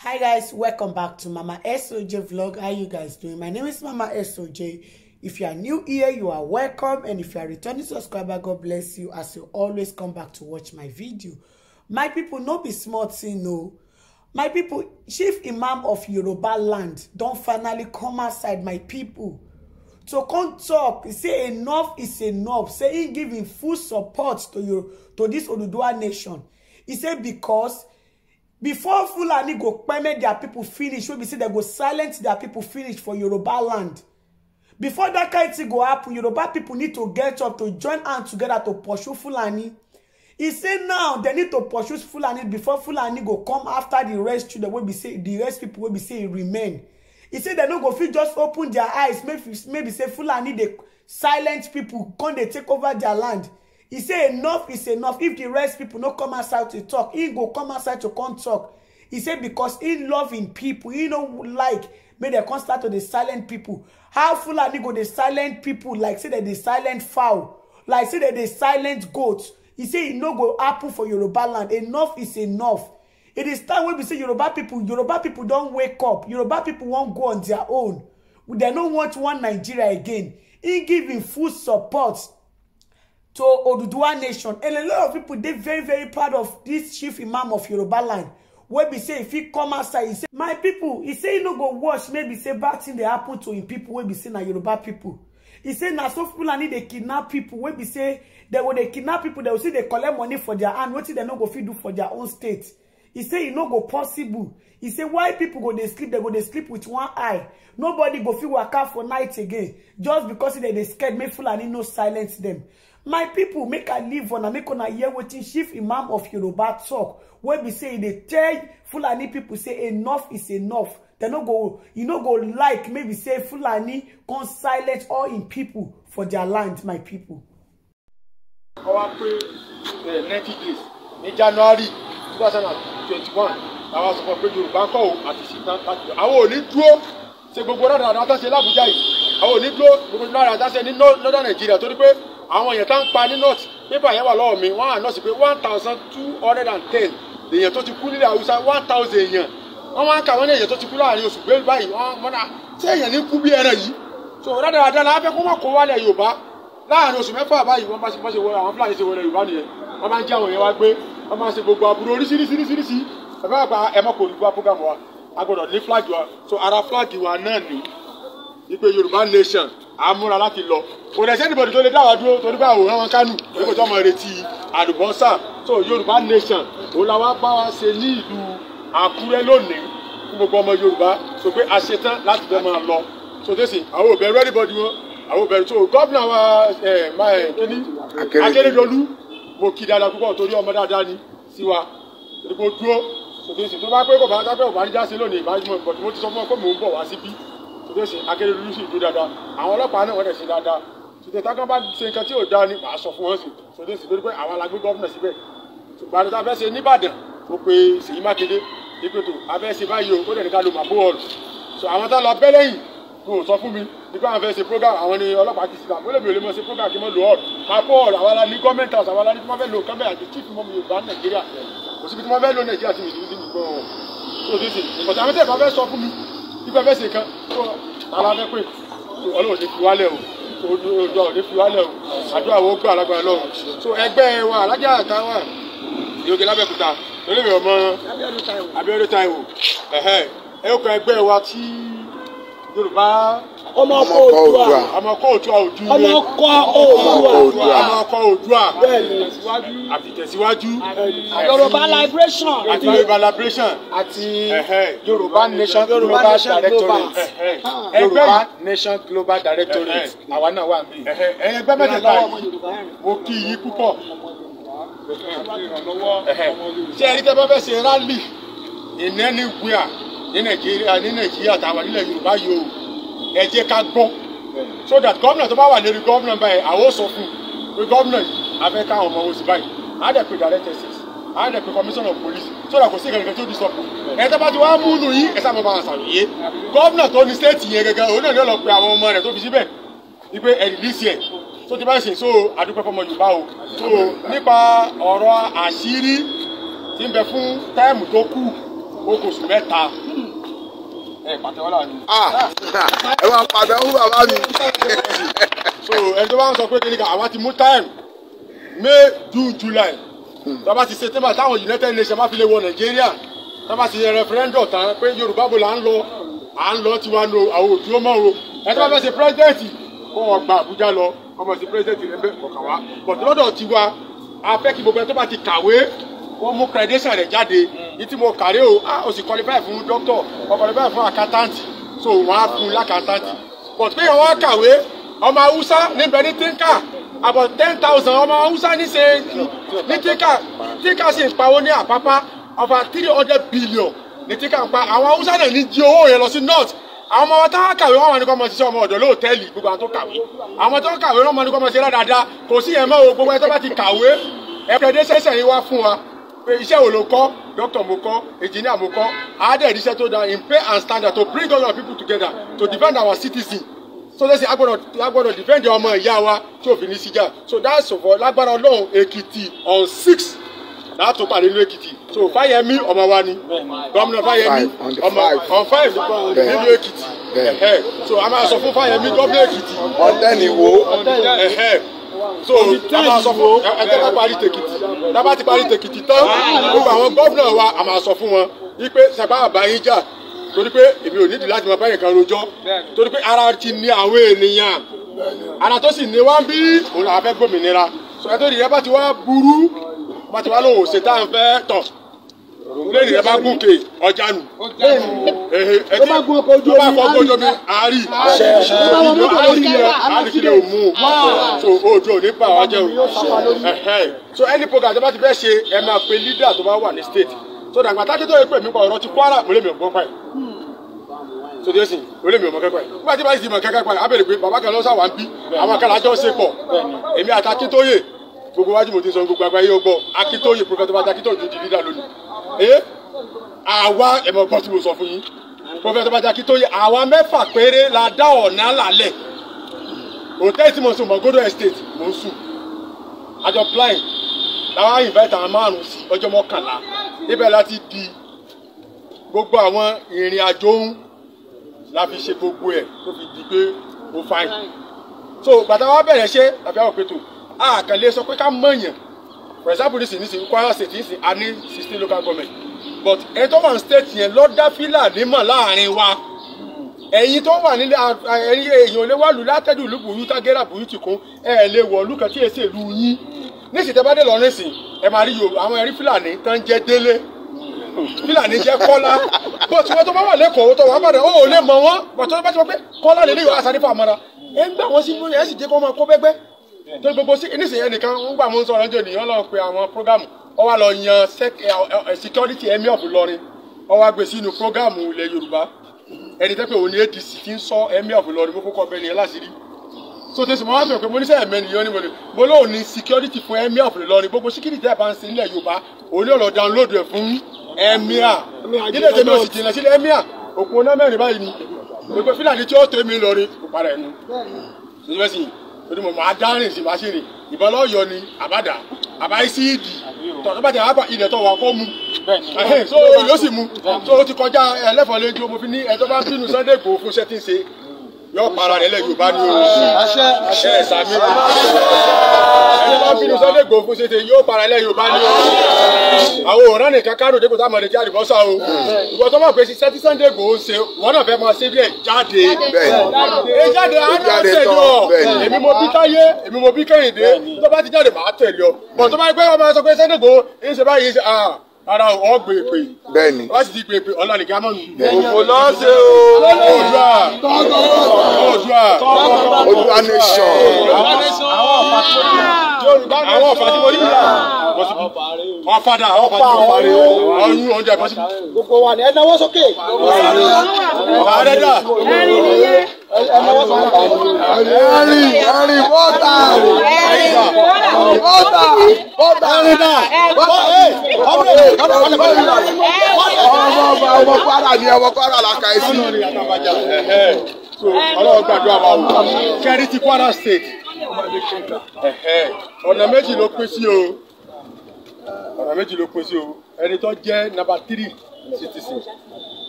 hi guys welcome back to mama soj vlog how you guys doing my name is mama soj if you are new here you are welcome and if you are returning subscriber god bless you as you always come back to watch my video my people no be smart, thing no my people chief imam of yoruba land don finally come outside my people to come talk he say enough is enough Saying giving full support to your to this oduduwa nation he said because before fulani go permit dia people finish wey be say dem go silence dia people finish for yoruba land before dat kind thing go happen yoruba people need to get up to join hand together to pursue fulani e say now dem need to pursue fulani before fulani go come after the rest children wey be say the rest people wey be say remain e say dem no go fit just open their eyes maybe maybe say fulani dey silent people come dey take over their land He say enough is enough if the rest people no come outside to talk, he go come outside to come talk. He say because he love him pipo he no like make they come start to the silent pipo how fulani go the silent people like say that the silent fowl like say that the silent goat He say he no go apple for yoruba land enough is enough It is time when we say yoruba people. yoruba people don't wake up yoruba people won't go on their own They don't want one nigeria again He giving full support to Oduduwa nation and a lot of people dey very very proud of this chief imam of Yoruba land wey be say if he come outside he say my people he say he no go watch maybe say bad thing dey happen to him people wey be say na Yoruba people he say na so Fulani dey kidnap people wey be say they go dey kidnap people they go say dey collect money for their hand wetin dem no go fit do for their own state He say e no go possible He say why people go dey sleep dem go dey sleep with one eye nobody go fit waka for night again just because e dey scared make fulani no silence dem my people make i leave on and make una hear wetin chief imam of yoruba tok wey be say e dey tell fulani people say enough is enough They no go you no go like maybe say fulani come silence all in people for their land my people. àwa pé eh, ninety days in january two thousand and twenty-one làwọn sọ fún pé yorùbá I will ò àti ṣìtàn láti lọ. àwọn ò ní dúró ṣe gbogbo náà dáadáa tó ṣe lábújá yìí àwọn ò ní dúró gbogbo náà dáadáa ṣe ní northern nigeria torí pé àwọn èèyàn tá ń pa ní north pépà yẹn wà lọ́wọ́ mi wọ́n àná sí pé one thousand two hundred and ten èèyàn tó ti kú nílẹ̀ haúsá one thousand èèyàn wọ́n máa ń kà wọ́n ní èèyàn tó ti kú láàrin oṣù pé báyìí wọ́n mọ́nà tí èèyàn ní kú bí ẹran yìí so rádaràdà la fẹ́ kó mọ̀ kó wálẹ̀ yorùbá láàrin oṣù mẹ́fà báyìí wọ́n bá ṣe wọlé àwọn fúlàní ṣe wọlé yorùbá nìyẹn wọ́n máa ń jẹ́ àwọn èèyàn wá gbé wọ́n máa ń ṣe gbogbo àbúrò oríṣiríṣiríṣiríṣi ẹ̀fẹ́ àgbà ẹ̀mọ́ kò gbá program wa a gbọ́dọ̀ ní flag wa so ara flag wa náà ni ìpè yorùbá nation à ń múra láti lọ kò dẹ̀ sẹ́nìbọ̀dì tó lè dá wa dúró torí pé àwòrán wọn kánú nígbà tó ọmọ retí àlùbọ́sà so yorùbá nation òun la wá bá wa ṣe ní ìlú àkúrẹ́ lónìí fún gbogbo ọmọ yorùbá so pé a ṣe tán láti fẹ́ máa lọ so tẹ̀sí àwọn òbẹ̀rù ẹ̀rìbọ̀dì wọn àwọn òbẹ̀rù so gọ́vnà wa kíní akérèdọ́lù mo kí dáadáa púpọ̀ torí ọmọ dáadáa ni sí wa ìdìbò dúró so tẹ̀sí tó bá pé kò bá dápẹ́ òbá ń já sí lónìí ìbá tòtẹ́ sìn Akérédolú sì dúró dáadáa àwọn ọlọ́pàá náà wọ́n dẹ̀ ṣe dáadáa tòtẹ́ táwọn bá ṣe nǹkan tí ò dáa ni màá sọ fún wọn sí tòtẹ́ sìn lórí pé àwọn alágbé gọ́ọ̀mù síbẹ̀ ṣùgbọ́n àti tá a fẹ́ ṣe nìbàdàn ó pe Ṣèyí Mákindé ipe tó a fẹ́ ṣe báyìí o ó dẹ̀ ní ká lo màbó ọ̀rọ̀ so àwọn tá a lọ bẹ́ lẹ́yìn kò sọ fún mi nípa àwọn fẹ́ ṣe program àwọn ni ọlọ́pàá ti síta mo lè mi ò lè mọ ṣe program kí n mọ lo ọ̀rọ̀ màbó ọ̀rọ̀ àwọn aláni gọ́ọ̀mẹ̀ntì àwọn aláni tí wọ́n fẹ́ lo kẹ́mẹ́ àti chief mọ́mi Yorùbá Nàìjíríà kò síbi tí wọ́n fẹ́ lo Nàìjíríà tí mi ti gbọ́ ọ̀ ìgbà fẹ́ ṣe kan tó ara ọlọ́run ní fi wálẹ̀ o olùdó ọ̀dẹ́ fi wálẹ̀ o àdúrà wo gbà lágbára lọ́wọ́ so ẹgbẹ́ wa alájà àtàwà ìyókè lábẹ́kúta olóyè ọmọ Abíọ́dún Táíwò ẹ ó kan ẹgbẹ́ wa tí Yorùbá ọmọ ọkọ Oòduà ọmọ ọkọ Oòduà òdúró ọmọ ọkọ Oòduà ọmọ ọkọ Oòduà àfitẹ̀síwájú Yorùbá liberation àti Yorùbá liberation àti Yorùbá nation global directorate Yorùbá nation global directorate àwa náà wà mí. ẹyẹ gbẹ́ mẹ́tẹ̀ẹ̀ta yìí mo kí yín púpọ̀ ṣé ẹni tẹ́ bá fẹ́ ṣe rálì in anywhere ní Nàìjíríà ní nílẹ̀ Yorùbá yìí ẹ jẹ́ ká gbọ́ so that gómìnà tó bá wà lérí gómìnà báyìí àwọn ò sọ fún un pé gómìnà yìí afẹ́ káwọn ọmọ oṣù báyìí á dẹ̀ pé director six á pé commissioner of police so that kò sí kankan tó di sọ́kù ẹ tó bá ti wá mú nù yín ẹ sábà máa ṣàlùyé gómìnà tó ní state yẹn gẹ́gẹ́ òun náà ní ọ̀lọ́ pé àwọn ọmọ rẹ̀ tó fi síbẹ̀ wípé ẹ̀ release yẹn so, ti bá ṣe so àdúpẹ́ fọmọ Yorùbá o so nípa ọ̀rọ̀ àṣírí tí ń bẹ fún táìmù tó kù okòṣù mẹ́ta Eh, ah, ẹ wá padà ó bàbá mi. so ẹni tó bá ń sọ pé kìnìkan àwa ti mú time May June July hmm. tábà ti September táwọn United Nations máa fi lè wọ Nàìjíríà tábà ti yẹ referendum tán pé Yorùbá bò là ń lọ à ń lọ tiwa lo àwọn òdúró mọ́ o ẹ tó bá fẹ́ president kó wọn gba Àbújá lọ ọmọ sí president rẹ bẹ́ẹ̀ kọ̀ọ̀kan wa bọ̀dọ́dọ̀ tiwa afẹ́ kí gbogbo ẹ tó bá ti kàwé ó mú credential rẹ̀ jáde ní tí mo kàrí o ah o sì qualify fún doctor o qualify fún accountant so wọ́n á fún un but pé wọ́n kàwé ọmọ haúsá níbẹ̀ ní tínkà about ten thousand ọmọ haúsá ní ṣe ní tínkà tínkà sì ń pawó ní àpápá over three hundred billion ní tínkà ń pa àwọn haúsá náà ní jí owó yẹn lọ sí north àwọn ọmọ wọn tá a kàwé wọn wà ní kọ́ ọmọ ṣiṣẹ́ ọmọ ọ̀dọ́ lóòtẹ́ẹ̀lì gbogbo àwọn tó kàwé àwọn tó kàwé wọn wà ní kọ́ ọmọ ṣiṣẹ́ dáadáa kò sí ẹ̀mọ́ o gbogbo ẹ̀ tó bá ti kàwé ẹ̀kẹ́dẹ́sẹ̀sẹ̀ yìí wá fún wa pé iṣẹ́ wo ló kọ́ doctor mo kọ́ engineer mo kọ́ àádẹ́ ìdíṣẹ́ tó dáa in pay and standard to bring all our people together to defend our citizen so lẹ́sìn agbọ́dọ̀ agbọ́dọ̀ defend ọmọ ìyá wa tí òfin ní síjà so that's for lágbára ọlọ́run èkìtì on six láti pàdé ìlú èkìtì so fáyemí ọmọ wa ni gómìnà fáyemí ọmọ on five nínú èkìtì so a máa sọ fún fáyemí gómìnà èkìtì ọ̀tẹ́ni wo ọ̀tẹ́ni so a àmà sọ fún ẹjẹ bá parí tèkìtì dábàá ti parí tèkìtì tán ah. gbogbo àwọn gómìnà wa àmà sọ fún wọn wípé sẹpá àbáyín jà torí pé èmi ò nídìí láti máa bá yẹn kan rojọ́ torí pé ara ti ní àwọn ènìyàn ara tó sì ní wá ń bí òun làwọn fẹ́ gbòmìnira sọ ẹ tó rí ẹ bá ti wá burú bá ti wá lóhùn ṣe tá à ń fẹ́ tọ̀ lẹ́yìn ẹ bá gún ke ọjà nù. ẹ bá gún ọkọ̀ ojú omi àárí omi àárí àárí yẹn àárí kí lè mú un so ojú òní bá wa jẹ o. so any program tó bá ti fẹ́ ṣe ẹ máa pe leader tó bá wà ní state so dàgbà tá a ké tó yẹ pé mi pa ọ̀rọ̀ ti Kwara mo lè mi ò gbọ́n pa ẹ̀ hmm. so tí o sì o lè mi ò mọ kẹ́kọ̀ọ́ yìí nígbà tí bá sì mọ kẹ́kọ̀ọ́ yìí a bẹ̀rẹ̀ pé bàbá kan ló sà wá ń bí àwọn kan lájọ́ ṣe pọ̀ èmi àtàkíntóyè gbogbo wájú mo ti sọ gbogbo àgbáyé ó gbọ́ Akíntóyè Prophet Banji Akíntóyè di leader lónìí ee àwa ẹ̀mọ̀ gbọ́ tí mo sọ fún yín Prophet Banji Akíntóyè àwa mẹ́fà péré la dá ọ̀nà lálẹ́ hòtẹ́ẹ̀lì tí mo sùn mọ̀gódò estate mo ń sùn àjọ plan làwa invite àwọn márùn sí ọjọ́ mọ́kànlá ibẹ̀ láti di gbogbo àwọn ìrìn àjò ń la fi ṣe gbogbo ẹ̀ tó fi di pé ó fine so gbàtà wa bẹ̀rẹ̀ ṣe làbí àwọn pẹ̀tò àkànlé sọ pé ká mọ̀yàn for example nísìnyí nísìnyí Kwara state nísìnyí a ní sixteen local government but ẹni tó wà ní state yẹn lọ dá fílàní mọ̀ láàrin wa ẹ̀yin tó wà nílé ẹ̀yin èèyàn olè wà lù látẹ́dù ìlú burú tágẹ́rà burú ti kún ẹ̀ lè wọ̀ lùkàn tí èsì ìlú yín nísìnyí tẹ́ bá dé lọ nísìnyí ẹ̀ máa rí yorùbá àwọn ẹ̀rí fílàní tán jẹ́ délé fílàní jẹ́ kọ́lá bó tiwọn tó bá wà lẹ́kọ̀ọ́ tó wà bàdàn ó lè mọ̀ wọ́n bàtọ́ bá ti wọ́n pé kọ́lá lè lè yọ àṣà nípa àmọ́ra ẹ̀ ń gbà wọ́n sí ẹ̀ sì jẹ́ kó máa kó bẹ́gbẹ́ tó gbogbo sí nísìnyí ẹnìkan ń gbà mú sọ̀rọ̀ jò nìyẹn lọ́ọ́ pe àwọn prógámù ó wá lọ yan eh, eh, eh, security emir of Ìlọrin ó wá gbé sínú prógámù ilẹ̀ Yorùbá ẹni tẹ́ pé òun ni ADC ti ń sọ emir of Ìlọrin mo kókó bẹ́ẹ̀ ni ẹ láṣìírí so tẹsí mo wá bẹ̀rẹ̀ pé mo níṣẹ́ ẹ̀mẹ́ nìyẹn ni mo lè mo lóun ní security fún emir of Ìlọrin gbogbo security tẹ́ ẹ bá ń ṣe nílẹ̀ Yorùbá òun ni ó lọ download ẹ̀ fún emir nílẹ̀ tẹ́mi ò sì jìnnà sílẹ̀ emir òpó náà mẹ́rin báyìí ni gbogbo fúlàní tí ó tẹ̀mí lọrin kò parẹ́ nu torí mo máa dárìn sí máa ṣe rè ìbọn lọ́yọ̀ ni àbádà àbáyísíìdì tọ̀tọ̀ bá ti àbá ilẹ̀ tó wà kọ́ mu so yóò sì mu so ó ti kọjá ẹlẹ́fọ̀ọ́ lẹ́jọ́ mo fi ní ẹjọ́ bá bínú Sunday Igboho fún ṣẹ́tí ń ṣe yóò para rẹ̀ lẹ́yìn Yorùbá ní ooo ẹ sàmì ẹ bá bínú Sunday Igboho fún ṣètè yóò para rẹ̀ lẹ́yìn Yorùbá ní ooo àwọn òòrán nìkan kárò dé kò tá mọ̀ lè o ìwọ tó mọ̀ pé ṣiṣẹ́ tí Sunday Igboho ń ṣe wọn náà fẹ́ máa ṣe bí ẹ jáde ẹ jáde àná ṣèjọ èmi mo bí táyé èmi mo bí kẹ́hìndé tó bá ti jáde màá tẹ̀lé ọ bọ̀ tó bá gbé ọmọ ẹ sọ pé Sunday Igboho ń ṣe báyìí ah, ara ọ gbé e pè. bẹ́ẹ̀ni láti di gbé pè ọlá ní gámọ nù. òfò lọ ṣe o. oòdùà oòdùà oòdùà nation. àwọn ọ̀fà tí mo ní yorùbá ní àwọn ọ̀fà tí mo ní yà. wọn padà àwọn ọ̀fà tí mo parí o àwọn yún ọjà ìbọn sí. gbogbo wa ni ẹ náwó sókè. ọ̀fà rẹ̀ dà. ẹni yé ẹ̀rì ẹ̀rì bọ́tà bọ́tà bọ́tà ẹ̀rìndà ọmọ ọba ọmọ kwara ni ọmọ kwara la ka esi. so ọlọ́run gbàdúrà wa o kẹ́rì ti kwara state ọ̀nà méjì ló pín sí o ọ̀nà méjì ló pín sí o ẹni tó jẹ́ number three citizen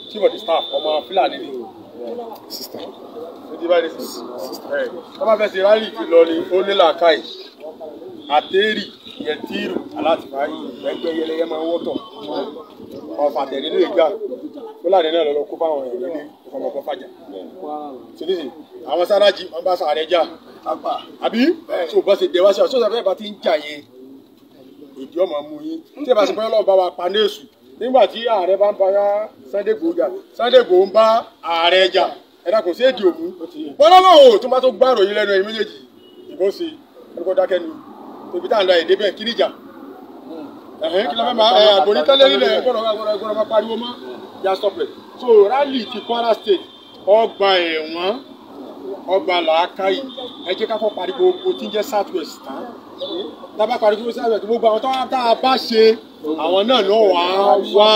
chief of the staff ọmọ fúlàní ni o ti bá rí sí ẹ tọ́ba fẹ́ ṣe rálì Ìlọrin ó ní làákàyè àtẹ́rì yẹtírù alátìmáyì ẹgbẹ́ yẹlẹyẹ máa ń wọ́tọ̀ ọ̀fà tẹ̀lé ló gbà fúlàní náà lọ́lọ́ kó fáwọn èèyàn nílé ọmọkọ fàjà ṣèlérí àwọn sárájì wọn bá sàárẹ̀ jà àbí tó bá ṣe dẹwà sí ọ sọ́sọ́ fẹ́ẹ́ bá ti ń jà yẹn èdè ọmọ mú yín tí ẹ bá ṣe bọ́yọ́ lọ́ọ́ bá wa pa ní èṣù nígbà tí ààrẹ bá ń bá Sunday Igboho jà Sunday ń bá ààrẹ jà ẹ̀dá kò sí èdè òmù wọn o tó bá tó gbàrò yín lẹ́nu ẹ̀yìn méjèèjì ìbọn sí ẹ̀dúkọ́ dákẹ́ ni tóbi tá à ń da èdè bẹ́ẹ̀ kí hmm. ẹ̀hìn kí ló fẹ́ máa ẹ̀ àbòrí tẹ́lẹ̀ nílẹ̀ gbọ́dọ̀ máa pariwo mọ́ ya sọ̀pẹ̀ so rally ti Kwara State ọgbà ẹ̀wọ̀n ọgbà làákàyè ẹ jẹ́ ká kọ́ parí gbogbo tí ń jẹ́ south west tán tábà parí gbogbo south west gbogbo àwọn tá a bá ṣe hmm. àwọn náà lọ́wọ́ á wá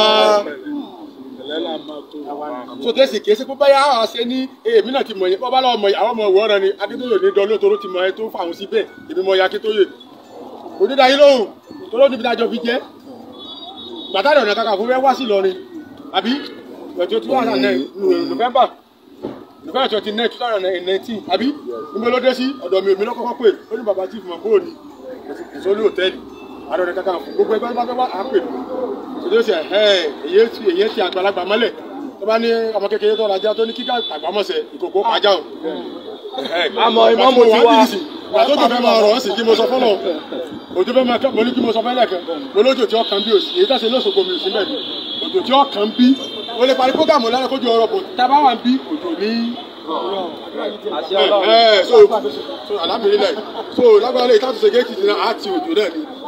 so tẹ́sí kìí ṣe pé báyà á ṣe ní èmi náà ti mọ̀ yẹn bọ́bá lọ́wọ́ mọ̀ yẹn àwọn ọmọ ìwọ́ran ni Akíntóyè ní dán lóòótọ́ ti mọ̀ ẹ́ tó fàwọn síbẹ̀ èmi mọ̀ yẹn Akíntóyè kò lóhùn tó níbi dájọ́ fi jẹ́ gbàtàdé ọ̀nà kankan fún fẹ́ wá sí Ìlọrin àbí ẹ̀jọ̀ two thousand and nine November November twenty nine two thousand and nineteen àbí níbo ló sí ọ̀dọ̀ mi ààrẹ ọ̀nà kakanfò gbogbo ẹgbẹ́ bá fẹ́ wá àápè lò tòjú ṣe ẹ̀ èyí ti èyí ti àgbàlagbà mọ́lẹ̀ tó bá ní ọmọ kékeré tó rajà tó ní kíkà àgbàmọ̀sẹ̀ ìkòkò pàjá o. àmọ́ ìmọ̀mù ti wá àtó tó fẹ́ máa rọ̀ ọ́ sí kí mo sọ fọ́lọ̀ òjò fẹ́ máa mo ní kí mo sọ fẹ́ lẹ́kẹ̀ mo lójò tí ọkàn bí òsì èyí tẹ̀sí lóṣogbo mi òsì mẹ́rin òjò tí ọkàn bí o lè parí programu lára kójú ọ̀rọ̀ bò tábà wà ń bí òjò ní so alámìlélẹ̀ so lágbára lè tàtúnṣe géètì ní àti òjò náà ni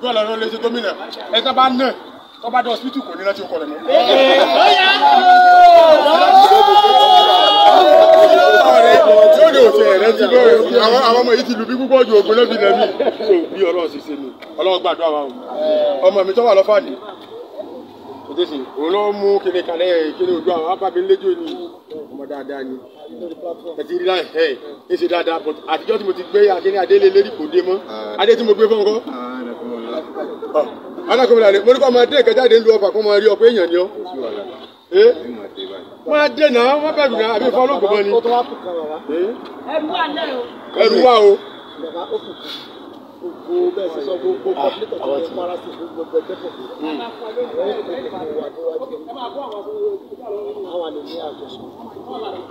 kó lọ lọ léṣe gómìnà ẹ tó bá nà tó bá dé hospital kò ní láti kọ rẹ mọ. àwọn àwọn ọmọ yìí ti lu bí púpọ̀ ju ògùn lẹ́bi lẹ́bi so bí ọlọ́run ṣiṣẹ́ ni ọlọ́run gbàdúrà wa o ọmọ mi tó wà lọ́fàdì òtẹ́sì òun ló mú kíni kalẹ̀ kíni ojú àwọn abábí lẹ́jọ́ ni ọmọ dáadáa ni ẹtì rí láì ẹ̀ ẹ̀ ṣe dáadáa àtijọ́ tí mo ti gbé akíní adélé lérí kò dé mọ́ ah. adé tí mo gbé fún ọkọ́. Ah. Ana ah, alákọ̀ọ́bẹ̀rẹ̀ àlè mo ní kọ́ máa dé ìkẹjáde ń lu ọfà kó máa rí ọ pé èèyàn ni ọ. máa dé náà wọ́n bẹ̀rù náà àbí fọ́ lóògùn mọ́ ni. ẹrù wà náà o. ẹrù wà o. gbogbo bẹ́ẹ̀ sọ gbogbo kọ́pítọ̀ tó ń para sí gbogbo ẹgbẹ́ tẹ́pọ̀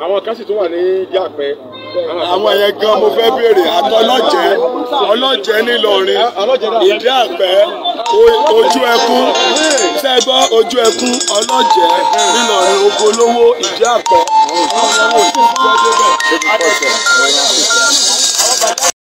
àwọn kan sì tún wà ní jápẹ́. àwọn yẹn gan mo fẹ́ béèrè àtọ́lọ́jẹ́ ọlọ́jẹ́ nílọrin ìdí àpẹ́ ojú ẹkún sẹ́gbọ́ ojú ẹkún ọlọ́jẹ́ nílọrin ogolówó ìdí àpẹ́.